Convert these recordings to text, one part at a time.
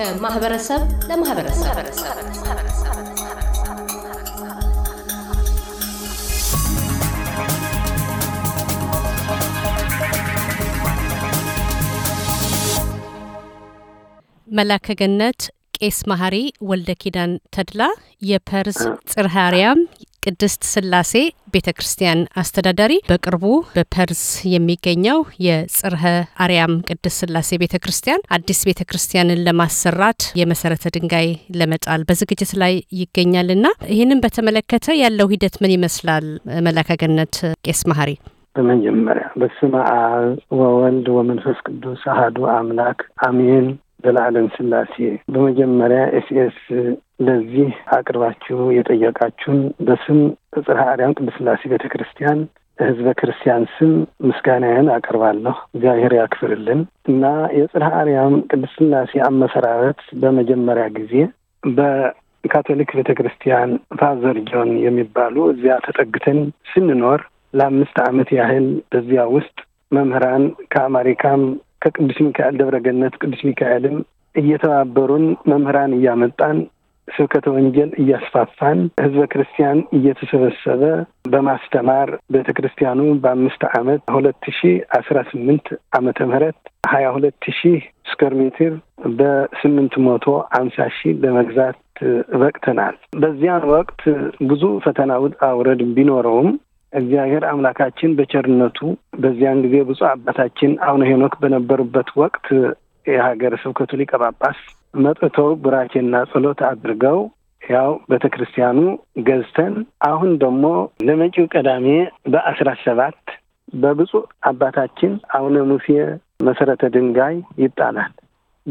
ከማህበረሰብ ለማህበረሰብ መላከገነት ቄስ መሀሪ ወልደ ኪዳን ተድላ የፐርዝ ጽርሃርያም ቅድስት ስላሴ ቤተ ክርስቲያን አስተዳዳሪ በቅርቡ በፐርዝ የሚገኘው የጽርሀ አርያም ቅድስት ስላሴ ቤተ ክርስቲያን አዲስ ቤተ ክርስቲያንን ለማሰራት የመሰረተ ድንጋይ ለመጣል በዝግጅት ላይ ይገኛልና ይህንን በተመለከተ ያለው ሂደት ምን ይመስላል? መላከ ቄስ መሀሪ። በመጀመሪያ በስመ አብ ወወልድ ወመንፈስ ቅዱስ አህዱ አምላክ አሜን። ዘላለም ስላሴ በመጀመሪያ ኤስኤስ ለዚህ አቅርባችሁ የጠየቃችሁን በስም ጽርሐ አርያም ቅድስት ስላሴ ቤተ ክርስቲያን ህዝበ ክርስቲያን ስም ምስጋናዬን አቀርባለሁ። እግዚአብሔር ያክፍርልን እና የጽርሐ አርያም ቅድስት ስላሴ አመሰራረት በመጀመሪያ ጊዜ በካቶሊክ ቤተ ክርስቲያን ፋዘር ጆን የሚባሉ እዚያ ተጠግተን ስንኖር ለአምስት ዓመት ያህል በዚያ ውስጥ መምህራን ከአሜሪካም ከቅዱስ ሚካኤል ደብረገነት ቅዱስ ሚካኤልም እየተባበሩን መምህራን እያመጣን ስብከተ ወንጌል እያስፋፋን ህዝበ ክርስቲያን እየተሰበሰበ በማስተማር ቤተ ክርስቲያኑ በአምስት ዓመት ሁለት ሺ አስራ ስምንት ዓመተ ምህረት ሀያ ሁለት ሺህ ስኩዌር ሜትር በስምንት መቶ አምሳ ሺህ ለመግዛት በቅተናል። በዚያን ወቅት ብዙ ፈተና ውጣ ውረድ ቢኖረውም እግዚአብሔር አምላካችን በቸርነቱ በዚያን ጊዜ ብፁ አባታችን አቡነ ሄኖክ በነበሩበት ወቅት የሀገረ ስብከቱ ሊቀ ጳጳስ መጥተው ቡራኬና ጸሎት አድርገው ያው ቤተ ክርስቲያኑ ገዝተን አሁን ደግሞ ለመጪው ቅዳሜ በአስራ ሰባት በብፁ አባታችን አቡነ ሙሴ መሰረተ ድንጋይ ይጣላል።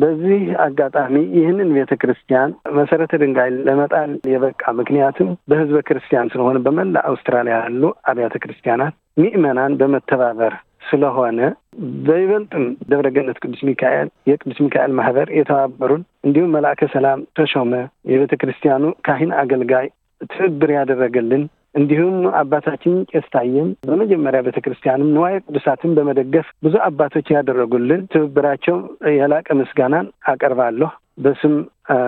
በዚህ አጋጣሚ ይህንን ቤተ ክርስቲያን መሰረተ ድንጋይ ለመጣል የበቃ ምክንያትም በህዝበ ክርስቲያን ስለሆነ በመላ አውስትራሊያ ያሉ አብያተ ክርስቲያናት ሚእመናን በመተባበር ስለሆነ በይበልጥም ደብረ ገነት ቅዱስ ሚካኤል የቅዱስ ሚካኤል ማህበር የተባበሩን እንዲሁም መልአከ ሰላም ተሾመ የቤተ ክርስቲያኑ ካህን አገልጋይ ትብብር ያደረገልን እንዲሁም አባታችን ቄስ ታየም በመጀመሪያ ቤተ ክርስቲያንም ንዋየ ቅዱሳትን በመደገፍ ብዙ አባቶች ያደረጉልን ትብብራቸው የላቀ ምስጋናን አቀርባለሁ በስም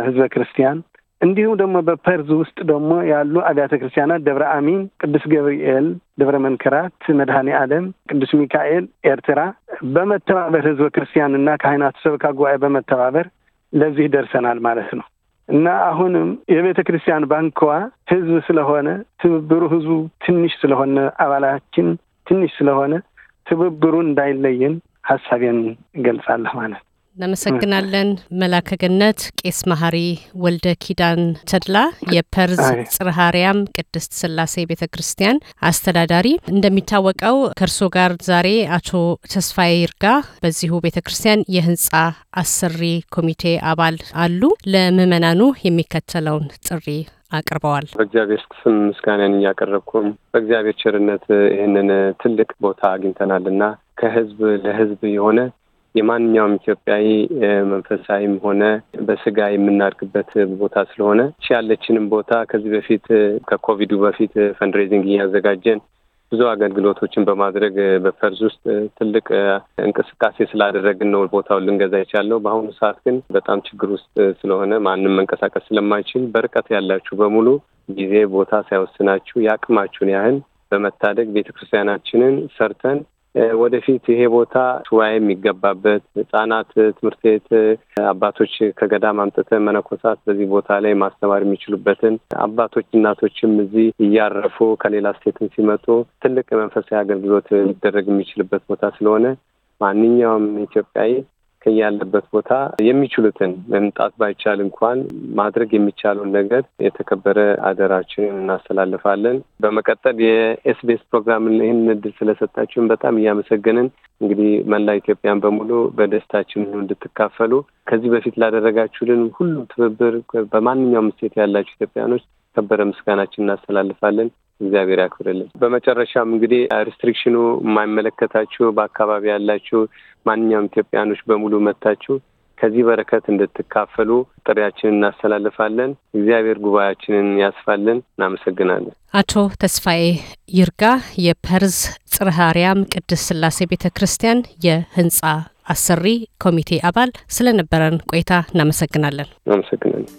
ህዝበ ክርስቲያን። እንዲሁም ደግሞ በፐርዝ ውስጥ ደግሞ ያሉ አብያተ ክርስቲያናት ደብረ አሚን፣ ቅዱስ ገብርኤል፣ ደብረ መንከራት፣ መድኃኔ ዓለም፣ ቅዱስ ሚካኤል ኤርትራ በመተባበር ህዝበ ክርስቲያንና ካህናት ሰበካ ጉባኤ በመተባበር ለዚህ ደርሰናል ማለት ነው። እና አሁንም የቤተ ክርስቲያን ባንክዋ ህዝብ ስለሆነ ትብብሩ ህዝቡ ትንሽ ስለሆነ አባላችን ትንሽ ስለሆነ ትብብሩ እንዳይለየን ሀሳቤን እገልጻለሁ ማለት እናመሰግናለን መላከ ገነት ቄስ መሀሪ ወልደ ኪዳን ተድላ የፐርዝ ጽርሃርያም ቅድስት ስላሴ ቤተ ክርስቲያን አስተዳዳሪ። እንደሚታወቀው ከእርሶ ጋር ዛሬ አቶ ተስፋዬ ይርጋ በዚሁ ቤተ ክርስቲያን የህንጻ አሰሪ ኮሚቴ አባል አሉ። ለምመናኑ የሚከተለውን ጥሪ አቅርበዋል። በእግዚአብሔር ስም ምስጋናን እያቀረብኩም በእግዚአብሔር ቸርነት ይህንን ትልቅ ቦታ አግኝተናልና ከህዝብ ለህዝብ የሆነ የማንኛውም ኢትዮጵያዊ መንፈሳዊም ሆነ በስጋ የምናድግበት ቦታ ስለሆነ ያለችንም ቦታ ከዚህ በፊት ከኮቪዱ በፊት ፈንድሬዚንግ እያዘጋጀን ብዙ አገልግሎቶችን በማድረግ በፈርዝ ውስጥ ትልቅ እንቅስቃሴ ስላደረግን ነው ቦታውን ልንገዛ የቻልነው። በአሁኑ ሰዓት ግን በጣም ችግር ውስጥ ስለሆነ ማንም መንቀሳቀስ ስለማይችል በርቀት ያላችሁ በሙሉ ጊዜ ቦታ ሳይወስናችሁ የአቅማችሁን ያህል በመታደግ ቤተክርስቲያናችንን ሰርተን ወደፊት ይሄ ቦታ ሱባኤ የሚገባበት ህጻናት ትምህርት ቤት አባቶች ከገዳም አምጥተን መነኮሳት በዚህ ቦታ ላይ ማስተማር የሚችሉበትን አባቶች እናቶችም እዚህ እያረፉ ከሌላ ስቴትን ሲመጡ ትልቅ መንፈሳዊ አገልግሎት ሊደረግ የሚችልበት ቦታ ስለሆነ ማንኛውም ኢትዮጵያዊ ከያለበት ቦታ የሚችሉትን መምጣት ባይቻል እንኳን ማድረግ የሚቻለውን ነገር የተከበረ አደራችንን እናስተላልፋለን። በመቀጠል የኤስቢኤስ ፕሮግራምን ይህን እድል ስለሰጣችሁን በጣም እያመሰገንን እንግዲህ መላ ኢትዮጵያን በሙሉ በደስታችን እንድትካፈሉ ከዚህ በፊት ላደረጋችሁልን ሁሉም ትብብር በማንኛውም ስቴት ያላችሁ ኢትዮጵያኖች ከበረ ምስጋናችን እናስተላልፋለን። እግዚአብሔር ያክብርልን። በመጨረሻም እንግዲህ ሪስትሪክሽኑ የማይመለከታችሁ በአካባቢ ያላችሁ ማንኛውም ኢትዮጵያኖች በሙሉ መታችሁ ከዚህ በረከት እንድትካፈሉ ጥሪያችንን እናስተላልፋለን። እግዚአብሔር ጉባኤያችንን ያስፋልን። እናመሰግናለን። አቶ ተስፋዬ ይርጋ የፐርዝ ጽርሐ አርያም ቅድስት ስላሴ ቤተ ክርስቲያን የህንጻ አሰሪ ኮሚቴ አባል ስለነበረን ቆይታ እናመሰግናለን። እናመሰግናለን።